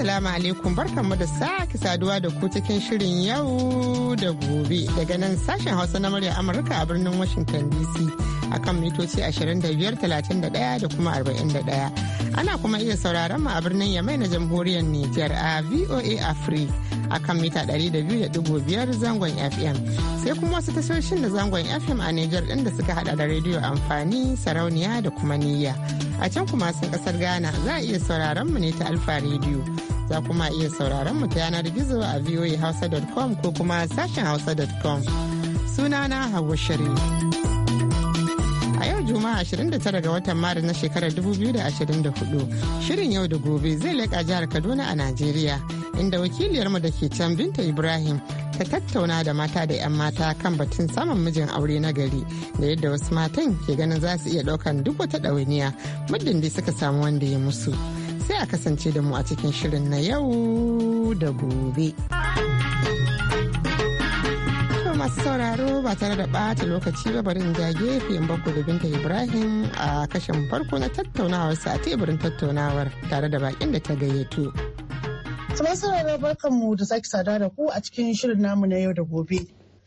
Assalamu alaikum barkanmu da sake saduwa da ku cikin shirin yau da gobe daga nan sashen Hausa na murya Amurka a birnin Washington DC akan mitoci 25,31 da kuma 41. Ana kuma iya sauraron mu a birnin Yamai na jamhuriyar Nijar a VOA a akan mita 200.5 zangon FM. Sai kuma wasu tashoshin da zangon FM a Nijar ɗin da suka hada da rediyo amfani, sarauniya da kuma niyya. a can kuma sun kasar ghana za a iya sauraron mu ne ta alfa rediyo za kuma iya sauraron mu ta yanar gizo a voahausa.com ko kuma sashen hausa.com sunana hawa sharif a yau juma'a 29 ga watan maris na shekarar 2024 shirin yau da gobe zai leƙa jihar kaduna a najeriya inda wakiliyarmu da ke can binta ibrahim ta tattauna da mata da 'yan mata kan batun samun mijin aure na gari da yadda wasu matan ke ganin za su iya ɗaukan duk wata ɗawainiya muddin dai suka samu wanda ya musu. sai a kasance da mu a cikin shirin na yau da gobe. masu sauraro ba tare da ɓata lokaci ba barin ja gefe bako da binta ibrahim a kashin farko na tattaunawar sa a teburin tattaunawar tare da bakin da ta gayyato masu sauraro barkan mu da sake sada da ku a cikin shirin namu na yau da gobe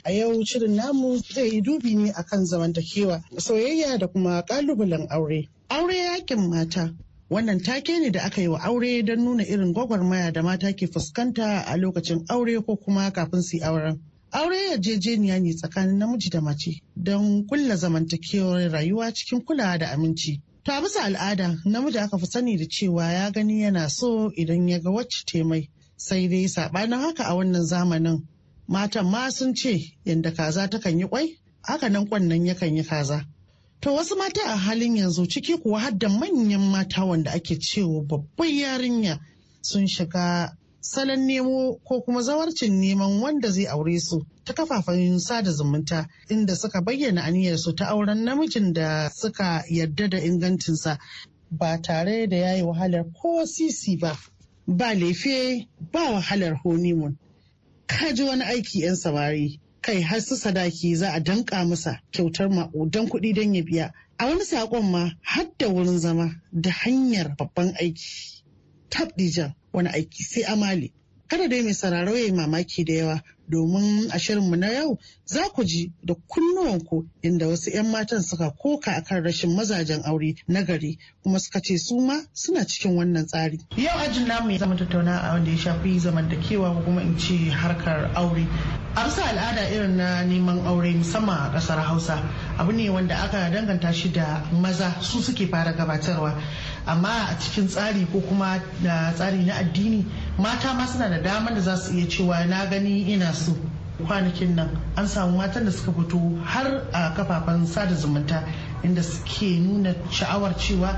a yau shirin namu zai yi dubi ne akan zamantakewa soyayya da kuma kalubalen aure aure yakin mata Wannan take ne da aka yi wa aure don nuna irin gwagwarmaya da mata ke fuskanta a lokacin aure ko kuma kafin su yi auren. Aure yarjejeniya ne tsakanin namiji da mace don kulla zamantakewar rayuwa cikin kulawa da aminci. To a bisa al'ada namiji aka fi sani da cewa ya gani yana so idan ya ga wacce taimai. Sai dai saɓanin haka a wannan zamanin matan ma sun ce yadda kaza takan yi kwai haka nan kwannan yakan yi kaza. To wasu mata a halin yanzu ciki kuwa har da manyan mata wanda ake cewa babban yarinya sun shiga salon nemo ko kuma zawarcin neman wanda zai aure su ta kafafen sada zumunta inda suka bayyana aniyarsu ta auren namijin da suka yarda da ingancinsa ba tare da ya yi wahalar ko sisi ba ba lefe ba wahalar honeymoon ka ji wani aiki 'yan samari kai har su sadaki za a danka masa kyautar maƙudan kuɗi don ya biya a wani saƙon ma har da wurin zama da hanyar babban aiki tabdijan wani aiki sai amali kada dai mai sararo ya yi mamaki da yawa domin a shirinmu na yau za ku ji da kunnuwanku inda wasu 'yan matan suka koka akan rashin mazajen aure na gari kuma suka ce su ma suna cikin wannan tsari. Yau ajin namu ya zama tattauna a wanda ya shafi kewa ko kuma in ce harkar aure. A bisa al'ada irin na neman aure musamman a ƙasar Hausa abu ne wanda aka danganta shi da maza su suke fara gabatarwa amma a cikin tsari ko kuma ah, tsari na addini mata ma suna da damar da za su iya cewa na gani ina su kwanakin nan an samu matan da suka fito har a kafafen sada zumunta inda suke nuna sha'awar cewa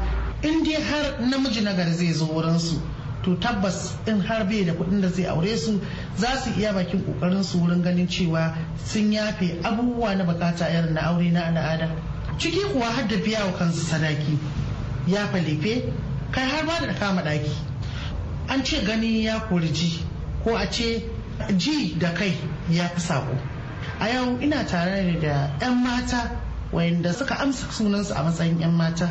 in dai har namiji nagari zai zo wurin su to tabbas in har bai da kuɗin da zai aure su za su iya bakin kokarin su wurin ganin cewa sun yafe abubuwa na bukata irin na aure na al'ada ciki kuwa har da biya wa kansu sadaki ya falefe kai har ba da kama daki an ce gani ya koriji ko a ce ji da kai ya fi sako a yau ina tare da 'yan mata wayanda suka amsa sunansu a matsayin 'yan mata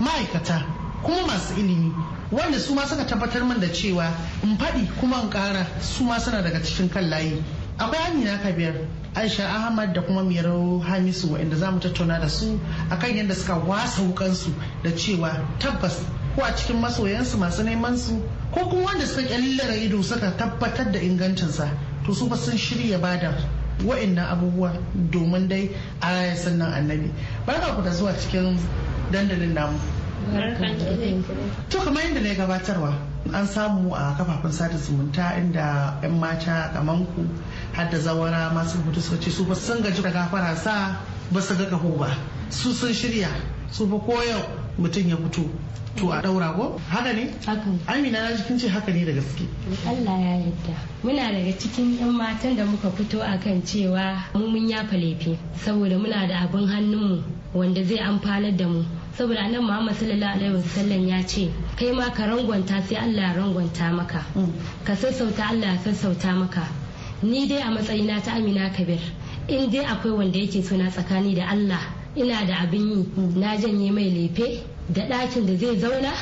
ma'aikata kuma masu ilimi wanda su ma suka tabbatar min da cewa in faɗi kuma in ƙara su ma suna daga cikin kan layi akwai amina kabir aisha ahmad da kuma miyar hamisu wa'inda za mu tattauna da su akan yadda suka wasa wukansu da cewa tabbas ko a cikin masoyansu masu neman su ko kuma wanda suka kyallara ido suka tabbatar da ingancinsa to su sun shirya bada wa'annan abubuwa domin dai a sannan annabi barka ku da zuwa cikin dandalin namu to kamar yadda na gabatarwa an samu a kafafen sada zumunta inda 'yan mata kamar ku har da zawara masu hutu suka ce su ba sun gaji da gafara sa ba su ga kaho ba su sun shirya su ba ko yau mutum ya fito to a daura ko haka ne amina na jikin ce haka ne da gaske Allah ya yarda muna daga cikin yan matan da muka fito akan cewa mu mun ya laifi saboda muna da abin mu wanda zai amfanar da mu saboda annabi Muhammad sallallahu alaihi wasallam ya ce kai ma ka rangwanta sai Allah ya rangwanta maka mm. ka sassauta Allah ya sassauta maka ni dai a matsayina ta Amina Kabir in dai akwai wanda yake suna tsakani da Allah ina da abin yi na janye mai lefe da ɗakin da zai zauna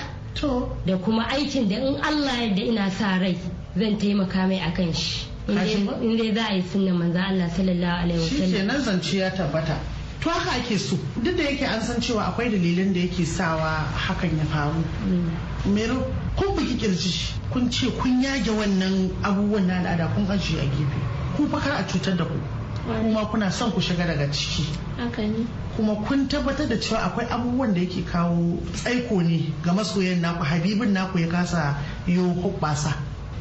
da kuma aikin da in allah yadda ina sa rai zan taimaka mai a kan shi in dai za a yi sunna manzo allah sallallahu alaihi wa sallam. shi kenan zance ya tabbata to haka ake so duk da yake an san cewa akwai dalilin da yake sawa hakan ya faru mm. mero kun buki kirji kun ce kun yage wannan abubuwan na al'ada kun ajiye a gefe ku fa a cutar da ku kuma kuna son ku shiga daga ciki kuma kun tabbatar da cewa akwai abubuwan da yake kawo tsaiko ne ga masoyan naku habibin naku ya kasa yo hoɓɓasa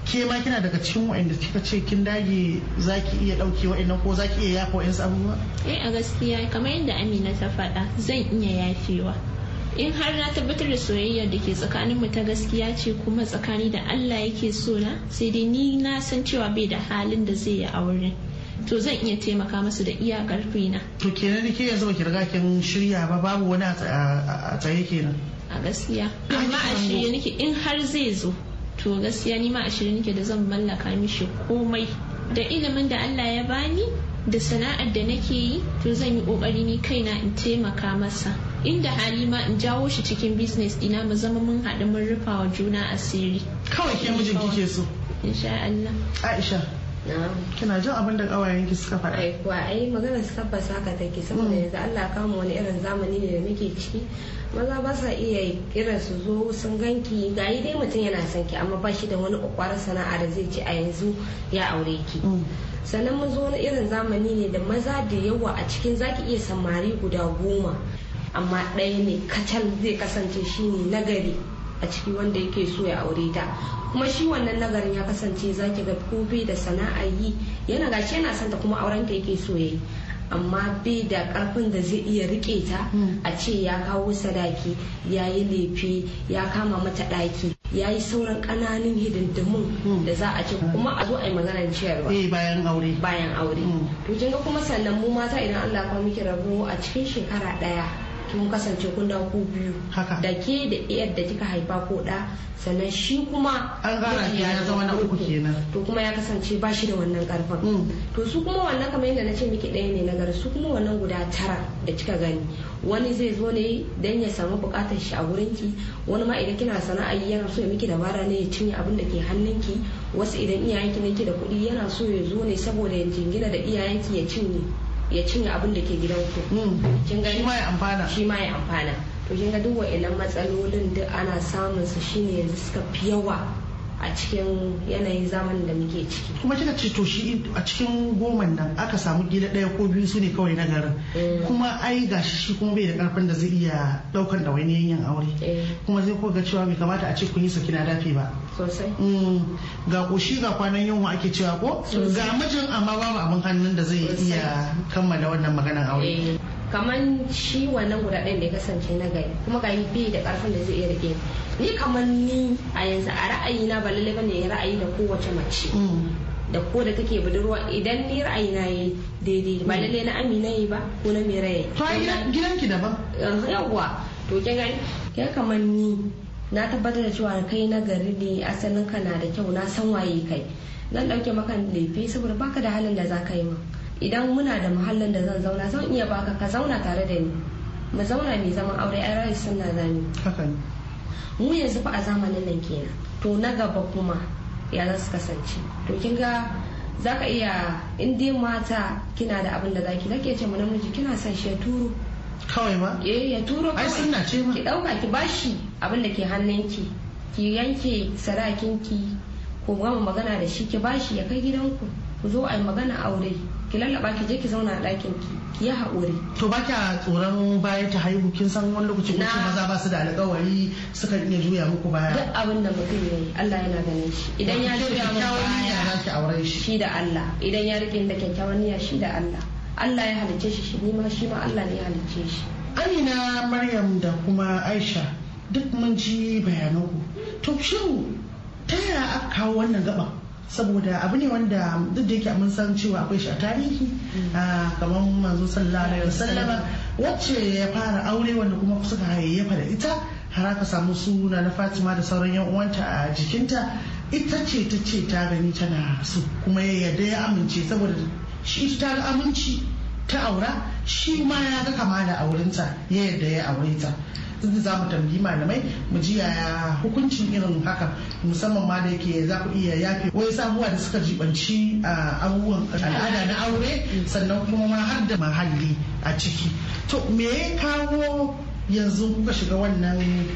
ke ma kina daga cikin wa'anda kika ce kin dage zaki iya dauke wa'annan ko zaki iya yafa wa'ansu abubuwa eh a gaskiya kamar yadda Amina ta faɗa zan iya yafewa in har na tabbatar da soyayya da ke tsakanin mu ta gaskiya ce kuma tsakani da Allah yake so na sai dai ni na san cewa bai da halin da zai yi a wurin. to zan iya taimaka masu da iya karfi na to kenan ke yanzu baki riga kin shirya ba babu wani a tsaye kenan a gaskiya amma a shirye nake in har zai zo to gaskiya ni ma a shirye nake da zan mallaka mishi komai da ilimin da Allah ya bani da sana'ar da nake yi to zan yi kokari ni kaina in taimaka masa inda hali ma in jawo shi cikin business ina mu zama mun haɗu mun rufa wa juna asiri kawai ke mijin kike so insha Allah Aisha kina jin abin da kawayenki suka faɗa ai kuwa ai magana su tabbas haka take saboda yanzu Allah ka mu wani irin zamani ne da muke ciki maza ba sa iya kiran su zo sun ganki gayi dai mutum yana son ki amma ba shi da wani kwakwaran sana'a da zai ci a yanzu ya aure ki mm. sannan mun zo wani irin zamani ne da maza da yawa a cikin zaki iya samari guda goma amma ɗaya ne kacal zai kasance shi ne nagari a ciki wanda yake so ya aure ta kuma shi wannan nagarin ya kasance zaki ga kobe da sana'a yi yana gashi yana son ta kuma auren ta yake so yi amma bai da karfin da zai iya rike ta hmm. a ce ya kawo sadaki ya yi lefe ya kama mata daki ya yi sauran ƙananan hidindimun hmm. da za a ce kuma a zo a yi maganar ciyarwa eh, bayan aure bayan aure hmm. to kinga kuma sannan mu mata idan Allah ya kawo miki rabo a cikin shekara daya kun kasance kun ko ku biyu da ke da iyar da kika haifa ko da sannan shi kuma an gana ya zama na uku kenan to kuma ya kasance ba shi da wannan karfin mm. to su kuma wannan kamar yadda na ce miki ɗaya ne na gari su kuma wannan guda tara da kika gani wani zai zo ne dan ya samu bukatar shi a ki wani ma idan kina sana'ar yana so ya miki dabara ne ya cinye abin da ke hannun ki wasu idan iyayenki ne ke da kuɗi yana so ya zo ne saboda ya jingina da iyayen ki ya cinye ya cinye abin da ke gidan ku hmm. shi ma ya amfana amfana to kin ga duk wa'annan matsalolin duk ana samun su shine yanzu suka fi yawa a cikin yanayin zaman da muke ciki. kuma kika ce to shi a cikin goman nan aka samu gida ɗaya ko biyu su ne kawai na garin eh. kuma ai gashi shi kuma bai da karfin da zai iya ɗaukan da wani yin aure eh. kuma zai koga cewa bai kamata a ce kun yi saki na dafe ba sosai mm. ga koshi ga kwanan yunwa ake cewa ko ga mijin amma babu abin hannun da zai iya kammala wannan maganar aure eh. kamar shi wannan guda ɗaya da ya kasance na gari kuma ga bai da karfin da zai iya rike ni kamar ni a yanzu a ra'ayi na ba lalle bane ra'ayi da kowace mace mm. da ko da take budurwa idan ni ra'ayi na yi daidai ba lalle na amina yi ba ko na mai yayi to gidanki daban yawwa to kin gani ya kamar ni na tabbatar da cewa kai na gari ne asalin ka na da kyau na san waye kai zan dauke maka laifi saboda baka da halin da za ka yi ma idan muna da muhallin da zan zauna zan iya baka ka zauna tare da ni mu zauna mai zaman aure ai rayu sunna zani mu yanzu fa a zamanin nan kenan to na gaba kuma ya za su kasance to kin ga za ka iya in dai mata kina da abin da za ki nake ce mana miji kina son shi ya turo kawai ma eh ya turo kawai ai sunna ce ma ki dauka ki bashi abin da ke hannun ki yanke ki ko gama magana da shi ki bashi ya kai gidanku ku zo a magana aure ki lallaba ki je ki zauna a ɗakin ki ya haƙuri. To ba kya tsoron baya ta haihu kin san wani lokaci kuma maza ba su da alƙawari sukan iya juya muku baya. Duk abin da mutum ya yi Allah yana ganin shi. Idan ya juya muku baya shi da Allah. Idan ya riƙe da kyakkyawan niyya shi da Allah. Allah ya halicce shi shi ma shi ma Allah ne ya halicce shi. Amina Maryam da kuma Aisha duk mun ji bayananku. To shin ta yaya aka kawo wannan gaban? saboda abu ne wanda duk da yake mun san cewa akwai shi a tarihi mm. kamar manzo sallallahu alaihi wasallam wacce ya fara aure wanda kuma suka hayayyafa da ita har aka samu suna na Fatima da sauran yan uwanta a jikinta ita ce ta ce ta gani tana so kuma ya yarda ya amince saboda shi ta aminci ta aura shi ma ya ga kama da aurenta ya yadda ya aure ta tunda za mu tambayi malamai mu ji yaya hukuncin irin haka musamman ma da yake za ku iya yafe wai sabuwa da suka jibanci a abubuwan al'ada na aure sannan kuma ma har da mahalli a ciki to me ya kawo yanzu kuka shiga wannan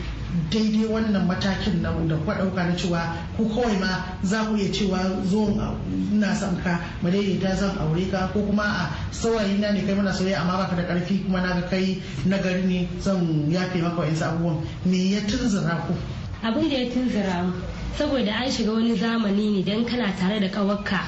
daidai wannan matakin na da kuka dauka na cewa ku kawai ma za ku iya cewa zo ina son ka mu zan aure ka ko kuma a saurayi na ne kai mana soyayya amma baka da karfi kuma na ga kai nagari ne zan yafe maka wa'insu abubuwan me ya tunzura ku abin da ya tunzura saboda an shiga wani zamani ne dan kana tare da kawarka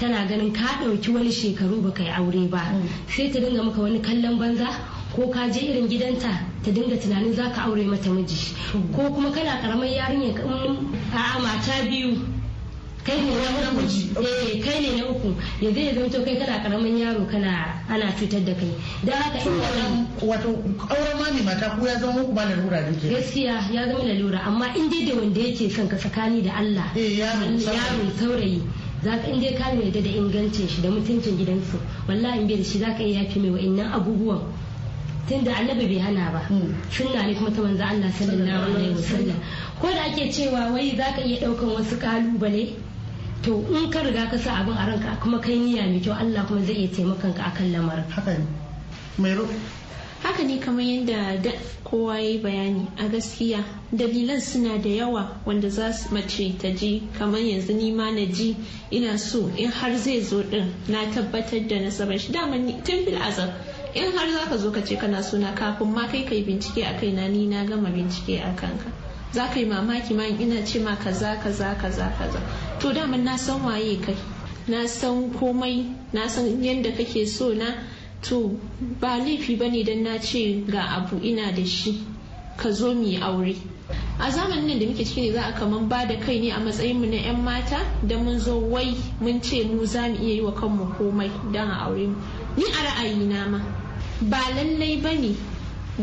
tana ganin ka dauki wani shekaru baka yi aure ba mm. sai ta dinga maka wani kallon banza ko ka je irin gidanta ta dinga tunanin za ka aure mata miji ko kuma kana karamar yarinya a mm, mata biyu kai ne na uku eh kai ne na uku ya zai zanto kai kana karamin yaro kana ana cutar da kai da haka in wato auren mami mata ko ya zama muku ba lalura da ke gaskiya ya zama lalura amma in dai da wanda yake son ka tsakani da Allah eh, yaro saurayi za ka inda ka nuna da ingancin shi da mutuncin gidansu wallahi in bai da shi za ka iya yafi mai wa'annan abubuwan tunda annabi bai hana ba hmm. sunna ne kuma ta manzo Allah sallallahu alaihi wasallam ko da ake cewa wai zaka iya daukan wasu kalubale to in ka riga ka sa abin a ranka kuma kai niyya mai kyau Allah kuma zai iya taimakon ka akan lamarin haka ne mai haka ne kamar yadda kowa ya bayani a gaskiya dalilan suna da yawa wanda za su mace ta ji kamar yanzu ni ma na ji ina so in har zai zo din na tabbatar da nasarar shi dama tun fil azab in har za ka zo ka ce kana suna kafin ma kai kai bincike a kaina ni na gama bincike a kanka za ka yi mamaki ma ina ce ma kaza kaza kaza kaza to daman na san waye kai na san komai na san yadda kake so na to ba laifi ba ne don na ce ga abu ina da shi ka zo mu yi aure a zamanin nan da muke ciki ne za a kaman ba da kai ne a matsayinmu na 'yan mata da mun zo wai mun ce mu za mu iya yi wa kanmu komai don a aure mu ni a ra'ayina ma ba lallai ba ne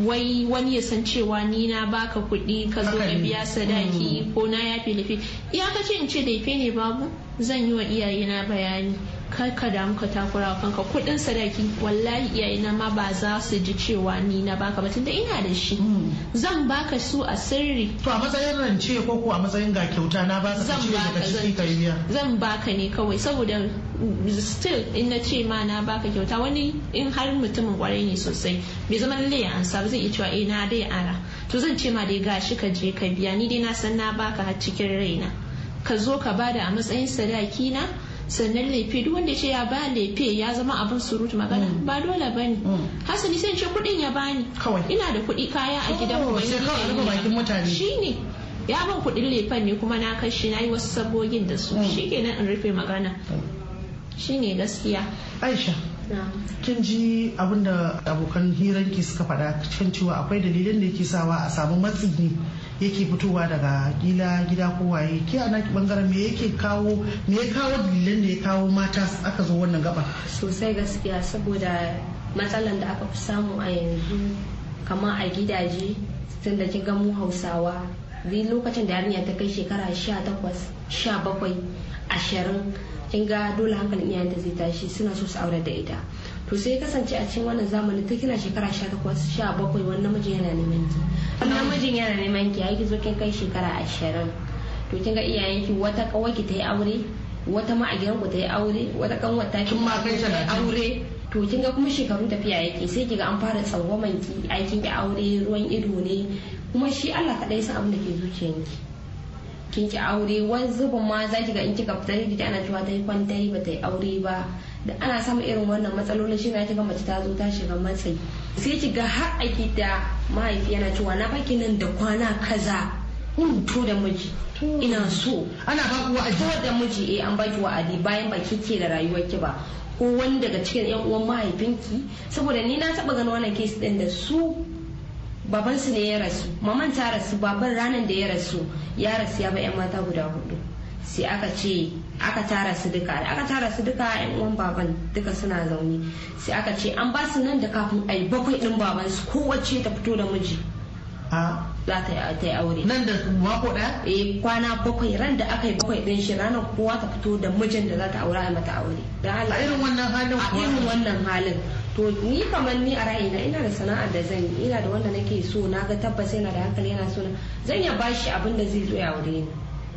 wai wani ya san cewa ni na baka kuɗi ka zo na biya sadaki mm. ko na yafe lafi ya kace in ce da ne babu zan yi wa iyayena bayani kai ka damu ka takura wa kanka kuɗin sadaki wallahi na ma ba za su ji cewa ni na baka ba tunda ina da shi hmm. zan baka su a sirri to a matsayin rance ko ko a matsayin ga kyauta na ba ka ci daga ciki kai biya zan baka ne kawai saboda still in na ce ma na baka kyauta wani in har mutumin kwarai ne sosai bai zama lalle ya ansa ba zai iya cewa eh na dai ara to zan ce ma dai gashi ka je ka biya ni dai na san na baka har cikin raina ka zo ka bada a matsayin sadaki na sannan lefe duk wanda ya ce ya ba lefe ya zama abin surutu magana mm. ba dole ba ne mm. hasali sai ce kuɗin ya bani ina da kuɗi kaya a gidan mu oh, sai kawai shine ya ban kuɗin lefen ne kuma na kashi na yi wasu sabogin da su mm. shikenan in rufe magana shine gaskiya aisha kin ji abin da abokan hiranki suka faɗa kan cewa akwai dalilin da yake sawa a samu matsi ne yake fitowa daga gida gida ko waye ke a naki bangaren me yake kawo me ya kawo dalilan da ya kawo mata aka zo wannan gaba sosai gaskiya saboda matsalan da aka fi samu a yanzu kamar a gidaje tun da ga mu hausawa zai lokacin da yarinya ta kai shekara sha bakwai ashirin kin ga dole hankalin iyayenta zai tashi suna so su aure da ita to sai kasance a cikin wannan zamani ta kina shekara sha takwas sha bakwai wani namijin yana neman ki wani namijin yana neman ki ai zo kin kai shekara ashirin to kin ga iyayen ki wata kawai ki ta yi aure wata ma a gidan ku ta yi aure wata kanwar ta kin ma kai aure to kin ga kuma shekarun tafiya yake sai kiga an fara tsawon ki aikin ki aure ruwan ido ne kuma shi Allah kadai san abin da ke zuciyanki kin ki aure wani zubin ma za ki ga in kika fita da ana cewa ta yi kwanta ba ta yi aure ba da ana samun irin wannan matsalolin shi na mace ta zo ta shiga matsayi sai ki ga har a gida mahaifi yana cewa na baki nan da kwana kaza in da miji ina so ana ba kuwa to da miji eh an baki wa'adi bayan ba ke da rayuwar ki ba ko wani daga cikin yan uwan mahaifinki saboda ni na taba ganin wannan case din da su baban su ne ya rasu maman ta rasu baban ranan da ya rasu ya rasu ya ba yan mata guda hudu sai aka ce aka tara su duka da aka tara su duka yan uwan baban duka suna zaune sai aka ce an ba su nan da kafin ai bakwai din baban su kowace ta fito da miji za ta yi aure nan da mako ɗaya eh kwana bakwai ran da aka yi bakwai din shi ranar kowa ta fito da mijin da za ta aura a mata aure a irin wannan halin a irin wannan halin to ni kamar ni a ra'ayina ina da sana'ar da zan yi ina da wanda nake so na ga tabbas yana da hankali yana so na zan ya bashi abin da zai zo ya aure ni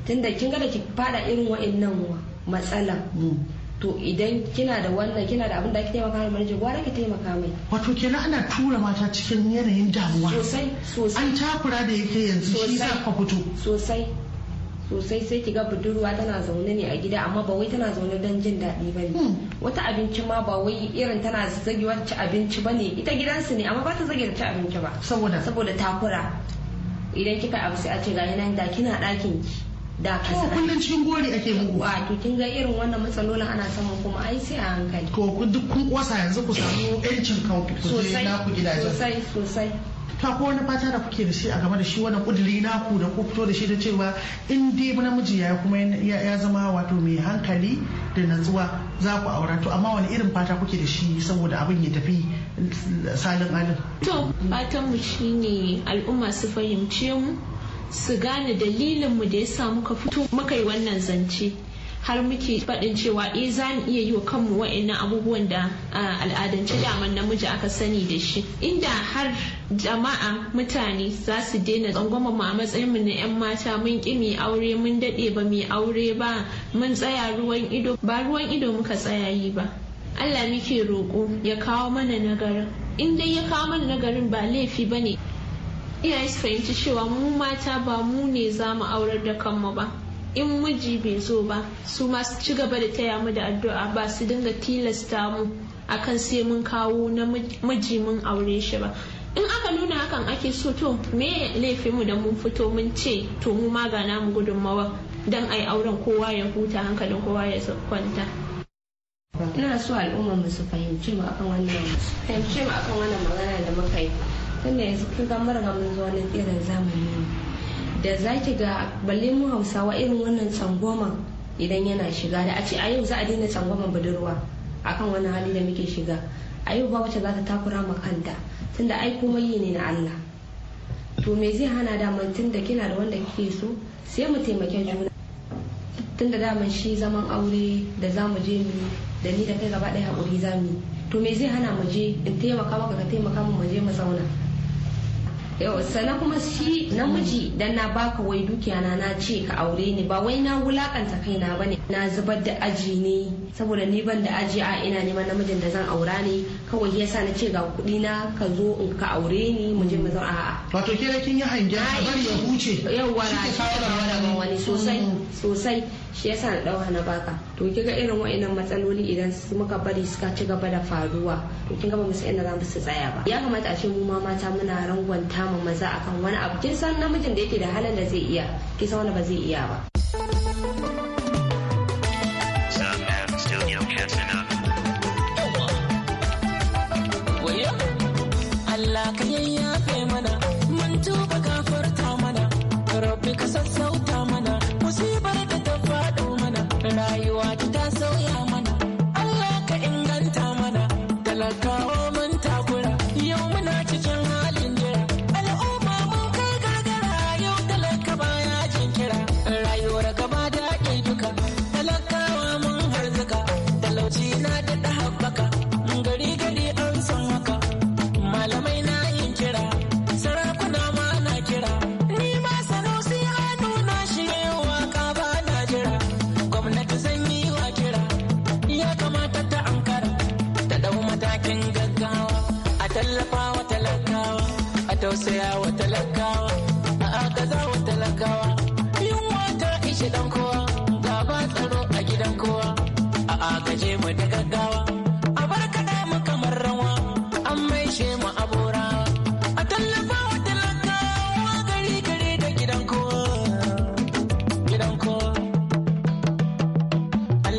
tunda kin ga da ki fada irin wa'annan matsala mm. to idan kina da wannan kina da abin da ake taimaka mai manajan gwara ki taimaka mai wato kenan ana tura mata cikin yanayin damuwa sosai sosai an takura da yake yanzu shi za ka fito sosai sosai sai ki ga budurwa tana zaune ne a gida amma ba wai tana zaune don jin daɗi ba ne mm. wata abinci ma ba wai irin tana zage wacce abinci ba ne ita gidansu ne amma ba ta zage da ci abinci ba saboda saboda takura idan kika abu sai a ce ga nan da kina ɗakin ki da ka sa kullun cikin gori ake bugu a to kin ga irin wannan matsalolin ana samun kuma ai sai a hankali to duk kun kwasa yanzu ku samu yancin kanku ku je na ku gidajen sosai sosai ta ko wani fata da kuke da shi a game da shi wannan na ku da ku fito da shi da cewa in dai namiji ya kuma ya zama wato mai hankali da natsuwa za ku aura to amma wani irin fata kuke da shi saboda abin ya tafi salin alin to fatan mu shine al'umma su fahimce mu su gane dalilinmu da ya sa muka fito muka yi wannan zance har muke faɗin cewa eh za mu iya yi wa kanmu wa'annan abubuwan da al'adance daman namiji aka sani da shi inda har jama'a mutane za su daina tsangwama mu a matsayin mu na 'yan mata mun ƙi mu aure mun daɗe ba mu aure ba mun tsaya ruwan ido ba ruwan ido muka tsaya yi ba Allah muke roƙo ya kawo mana nagarin in dai ya kawo mana nagarin ba laifi bane iyaye su fahimci cewa mu mata ba mu ne za mu aurar da kanmu ba in miji bai zo ba su ma su ci gaba da taya mu da addu'a ba su dinga tilasta mu akan sai mun kawo na miji mun aure shi ba in aka nuna hakan ake so to me laifin mu da mun fito mun ce to mu ma ga namu gudunmawa dan ai auren kowa ya huta hankalin kowa ya kwanta ina so al'umma mu su fahimci mu akan wannan fahimci mu akan wannan magana da muka yi tunda yanzu kin ga mara mun zo wani irin zamani da zaki ga balle mu hausawa irin wannan tsangwama idan yana shiga da a ce a yau za a daina tsangwaman budurwa akan wani hali da muke shiga a yau ba wacce za ta takura ma kanta tunda ai komai yi ne na Allah to me zai hana daman tunda kina da wanda kike so sai mu taimake juna tunda daman shi zaman aure da za mu je mu da ni da kai gaba ɗaya haƙuri za mu to me zai hana mu je in taimaka maka ka taimaka mu mu je mu zauna sannan kuma shi namiji dan na baka wai dukiya na na ce ka aure ni ba wai na wulakanta kaina bane na zubar da aji ne saboda ni ban da aji a ina neman namijin da zan aura ne kawai yasa na ce ga kuɗi na ka zo ka aure ni mu je mu zo a'a wato ke kin yi hangen a bari ya huce yawa na shi ka wani sosai sosai shi yasa na dauka na baka to ki ga irin wa'annan matsaloli idan su muka bari suka ci gaba da faruwa to kin ga ba mu san inda za mu tsaya ba ya kamata a ce mu ma mata muna rangwanta samun maza akan wani abu kin san namijin da yake da halin da zai iya kin san wani ba zai iya ba Allah ka yayyafe mana mun tuba gafarta mana rabbi ka sassauta mana musibar da ta faɗo mana rayuwa ta sauya mana Allah ka inganta mana talaka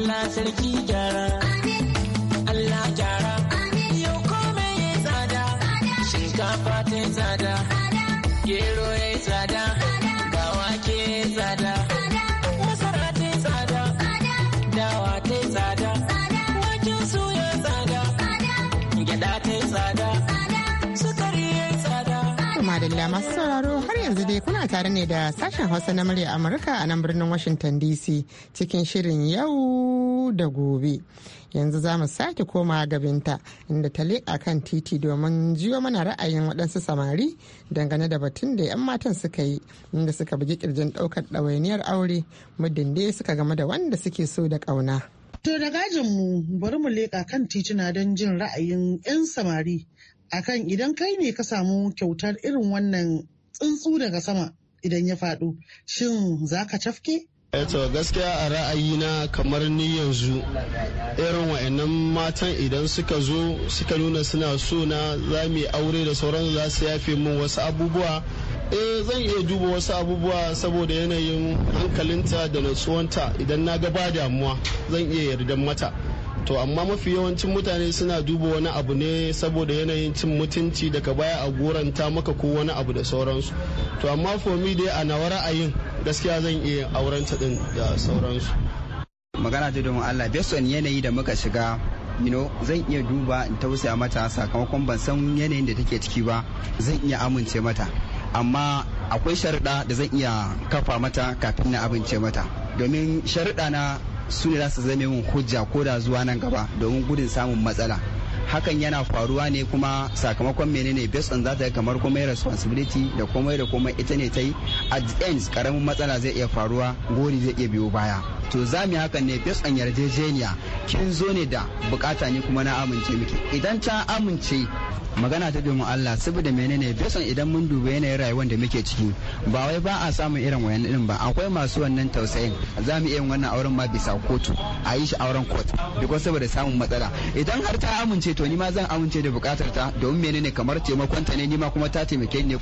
Allah sarki gyara. tare ne da sashen Hausa na murya Amurka a nan birnin Washington DC cikin shirin yau da gobe. Yanzu za mu sake koma gabinta inda ta leƙa kan titi domin jiyo mana ra'ayin waɗansu samari dangane da batun da 'yan matan suka yi inda suka bugi kirjin ɗaukar ɗawainiyar aure muddin da suka game da wanda suke so da ƙauna. To da gajinmu bari mu leƙa kan tituna don jin ra'ayin 'yan samari akan idan kai ne ka samu kyautar irin wannan tsuntsu daga sama idan ya faɗo shin za ka cafke? Eto eh, gaskiya a ra'ayina kamar ni yanzu irin wa'annan matan idan suka zo suka nuna suna so na za mu aure da sauran za su yafe min wasu abubuwa eh zan iya duba wasu abubuwa saboda yanayin hankalinta da natsuwanta idan na ga ba damuwa zan iya yarda mata to amma mafi yawancin mutane suna duba wani abu ne saboda yanayin cin mutunci daga baya a goranta maka ko wani abu da sauransu to amma fomi dai a nawa ra'ayin gaskiya zan iya auren ta din da sauransu magana ta domin Allah based on yanayi da muka shiga you know zan iya duba in tausaya mata sakamakon ban san yanayin da take ciki ba zan iya amince mata amma akwai sharuɗa da zan iya kafa mata kafin na abince mata domin sharuɗa na su ne za su zame mun hujja ko da zuwa nan gaba domin gudun samun matsala hakan yana faruwa ne kuma sakamakon menene based on zata kamar komai responsibility da komai da komai ita ne ta yi at the end karamin matsala zai iya faruwa gori zai iya biyo baya to za hakan ne based on yarjejeniya kin zo ne da bukata ne kuma na amince miki idan ta amince magana ta domin Allah saboda menene bisan idan mun duba yanayin rayuwar da muke ciki ba wai ba a samun irin wayan din ba akwai masu wannan tausayin za mu iya wannan auren ma bisa kotu a yi shi auren kotu duk saboda samun matsala idan har ta amince to ni ma zan amince da bukatar ta domin menene kamar taimakon ta ne ni ma kuma ta taimake ni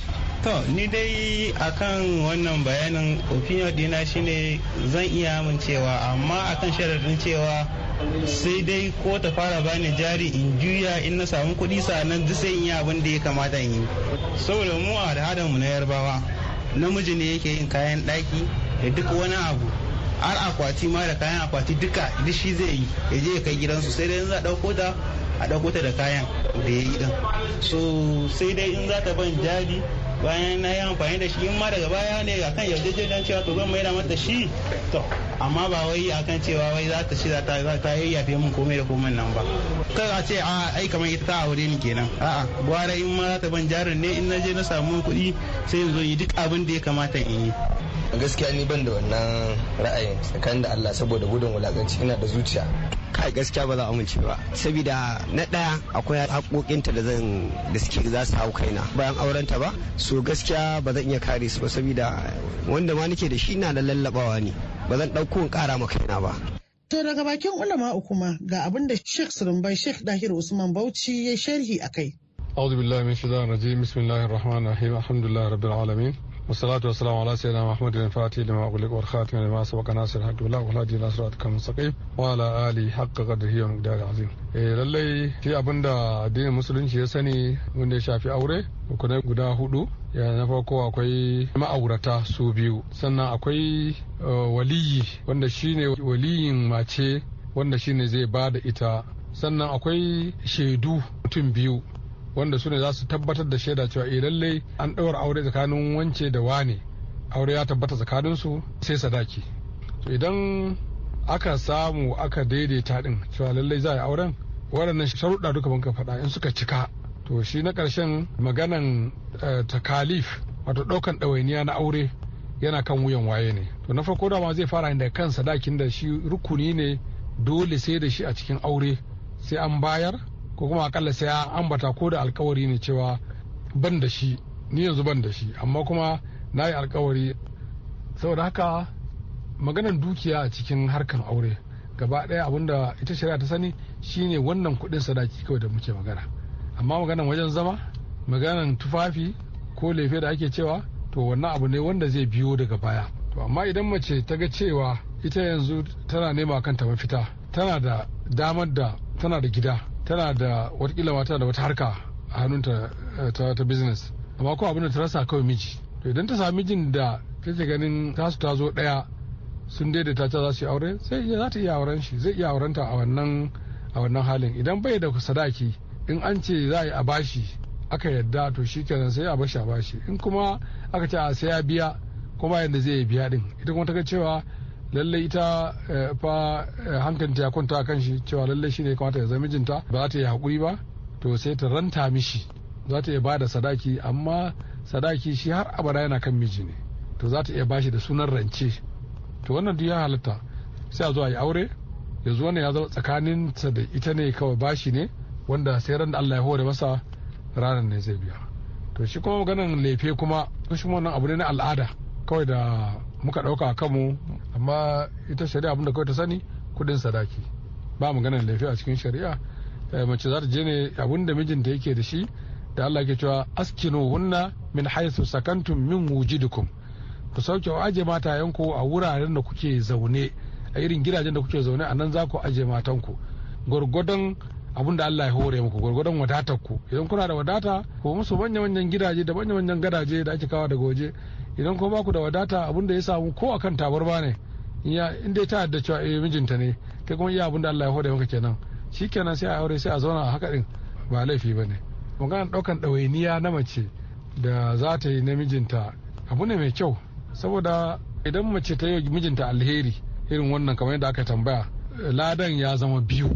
to ni dai akan wannan bayanin opinion dina shine zan iya amincewa amma akan sharadin cewa sai dai ko ta fara bani jari in juya in na samu kuɗi sannan duk sai in yi abin da ya kamata in yi saboda mu a al'adar mu na yarbawa namiji ne yake yin kayan daki da duk wani abu har akwati ma da kayan akwati duka duk shi zai yi ya je ya kai gidansu sai dai in za a ɗauko ta a ɗauko ta da kayan da ya yi din. so sai dai in za ta ban jari bayan na yi amfani da shi in ma daga baya ne akan kan yarjejeniyar cewa to zan maida mata shi to amma ba wai kan cewa wai za ta shirya ta za ta yafe min komai da komai nan ba kar a ce a ai kamar ita ta aure ni kenan a'a gwara in ma za ta ban jarin ne in na je na samu kuɗi sai in zo yi duk abin da ya kamata in yi gaskiya ni ban da wannan ra'ayin tsakanin da Allah saboda gudun wulakanci ina da zuciya kai gaskiya ba za a amince ba saboda na daya akwai haƙoƙinta da zan da suke za su hau kaina bayan aurenta ba so gaskiya ba zan iya kare su ba saboda wanda ma nake da shi na da lallabawa ne ba zan ɗauko in ƙara maka ba. To daga bakin ulama kuma ga abin da Sheikh Surumbai Sheikh Dahir Usman Bauchi ya sharhi a kai. أعوذ بالله من الشيطان الرجيم بسم الله الرحمن الرحيم الحمد لله wassalatu wassalamu ala fati nasir lallai abinda addinin musulunci ya sani wanda shafi aure guda hudu ya na farko akwai ma'aurata su biyu sannan akwai waliyi wanda shine waliyin mace wanda shine zai ba da ita sannan akwai shaidu mutum biyu wanda su ne za su tabbatar da shaida cewa eh lallai an ɗaura aure tsakanin wance da wane aure ya tabbata tsakanin su sai sadaki to idan aka samu aka daidaita din cewa lallai za a yi auren waɗannan sharuɗa duka banka faɗa in suka cika to shi na ƙarshen maganan eh, takalif wato ɗaukan ɗawainiya na aure yana kan wuyan waye ne to na farko dama zai fara da kan sadakin da shi rukuni ne dole sai da shi a cikin aure sai an bayar ko kuma akalla sai an ambata ko da alkawari ne cewa ban da shi ni yanzu ban da shi amma kuma na yi alkawari saboda haka maganan dukiya a cikin harkar aure gaba ɗaya abinda ita shari'a ta sani shine wannan kuɗin sadaki kawai da muke magana amma maganan wajen zama maganan tufafi ko lefe da ake cewa to wannan abu ne wanda zai biyo daga baya to amma idan mace ta ga cewa ita yanzu tana nema kanta mafita tana da damar da tana da gida tana da watakila mata da wata harka a hannunta eh, ta, ta business amma ko abin ta rasa kawai miji to idan ta sa mijin da take ganin tasu ta zo daya sun daida ta za su yi aure sai za ta iya auren shi zai iya aurenta a wannan a wannan halin idan bai da sadaki in an ce za a yi a bashi aka yadda to shi kenan sai a bashi a bashi in kuma aka ce a sai ya biya kuma yadda zai yi biya din ita kuma ta ga cewa lallai ita eh, fa eh, hankalinta ya kwanta kan shi cewa lallai shi ne kamata ya zama mijinta ba za ta yi hakuri ba to sai ta ranta mishi za ta iya ba da sadaki amma sadaki shi har abada yana kan miji ne to za ta iya bashi da sunan rance to wannan duk ya halatta sai a zo a yi aure ya zo ne ya zama ta da ita ne kawai bashi ne wanda sai ran da Allah ya hore masa ranar ne zai biya to shi kuma maganan lefe kuma shi wannan abu ne na al'ada kawai da muka ɗauka a kanmu amma ita shari'a abinda kawai ta sani kuɗin sadaki ba magana laifi a cikin shari'a eh, mace za ta je ne abinda mijinta yake da shi da Allah ke cewa askinu hunna min haisu sakantum min wujidukum ku sauke wa aje yanku a wuraren da kuke zaune a irin gidajen da kuke zaune a nan za ku aje matanku gwargwadon abin da Allah ya hore muku gwargwadon wadatar ku idan kuna da wadata ko musu manya manyan gidaje da manya manyan gadaje da ake kawo daga waje idan ko baku da wadata abin da ya samu ko akan tabarba ne in dai ta yadda cewa eh mijinta ne kai kuma iya abin da Allah ya hoda maka kenan shikenan sai a aure sai a zauna a haka din ba laifi ba bane magana daukan dawainiya na mace da za ta yi na mijinta abu ne mai kyau saboda idan mace ta yi mijinta alheri irin wannan kamar yadda aka tambaya ladan ya zama biyu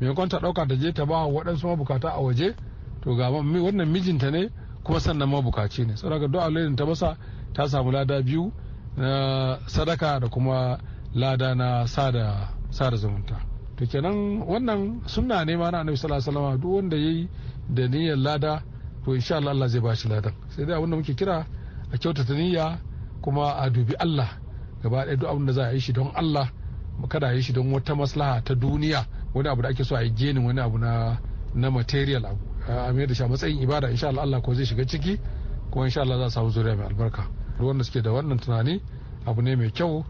mai ta dauka ta je ta ba waɗansu mabukata a waje to ga wannan mijinta ne kuma sannan mabukaci ne saboda duk alherin ta masa ta samu lada biyu na sadaka da kuma lada na sada zumunta to kenan wannan sunna ne ma na annabi sallallahu alaihi wasallam duk wanda yayi da niyyar lada to insha Allah Allah zai ba shi ladan sai dai abinda muke kira a kyautata niyya kuma a dubi Allah gaba ɗaya duk abin da za a yi shi don Allah kada a yi shi don wata maslaha ta duniya wani abu da ake so a yi genin wani abu na na material abu a da shi a matsayin ibada insha Allah Allah ko zai shiga ciki kuma insha Allah za a samu zuriya mai albarka duk wanda suke da wannan tunani abu ne mai kyau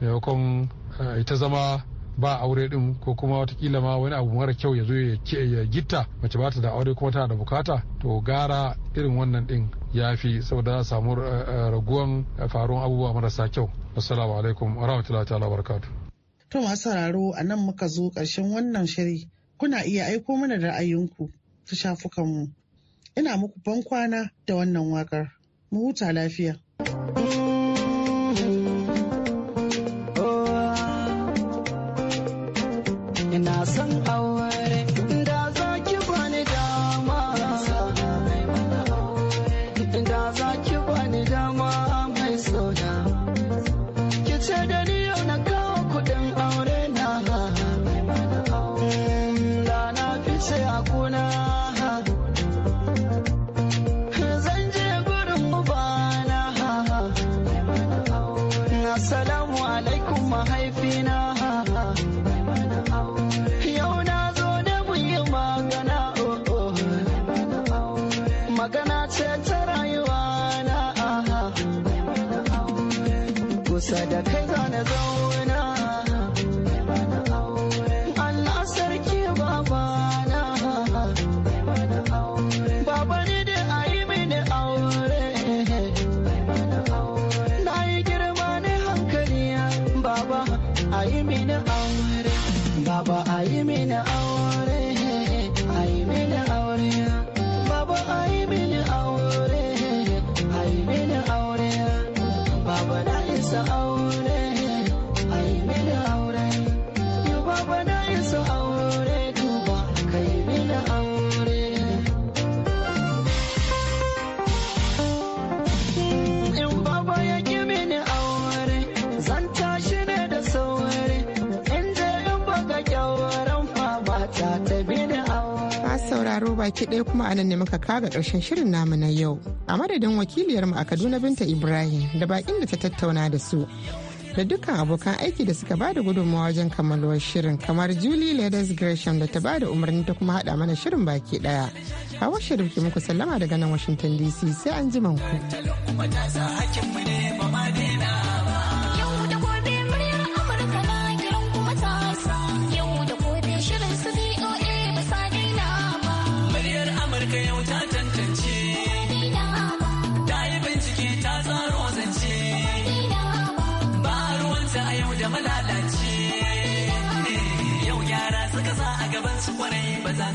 maimakon eh, ita zama ba aure din ko kuma watakila ma wani abu mara kyau ya zo ya gitta mace ba ta da aure kuma tana da bukata to gara irin wannan din ya fi saboda za samu eh, eh, raguwan faruwan abubuwa marasa kyau assalamu alaikum wa rahmatullahi ta'ala barakatu to masu sauraro a nan muka zo karshen wannan shiri kuna iya aiko mana ra'ayinku ta shafukanmu ina muku ban kwana da wannan wakar mu huta lafiya Assalamu alaikum mahaifina. baki ɗaya kuma anan ne muka kaga ƙarshen shirin namu na yau a madadin wakiliyar mu a kaduna binta ibrahim da bakin da ta tattauna da su da dukkan abokan aiki da suka bada gudunmawa wajen kammaluwar shirin kamar julie ladies gresham da ta bada umarni ta kuma haɗa mana shirin baki ɗaya hawa washe ke muku sallama daga nan washington dc sai an ji ku.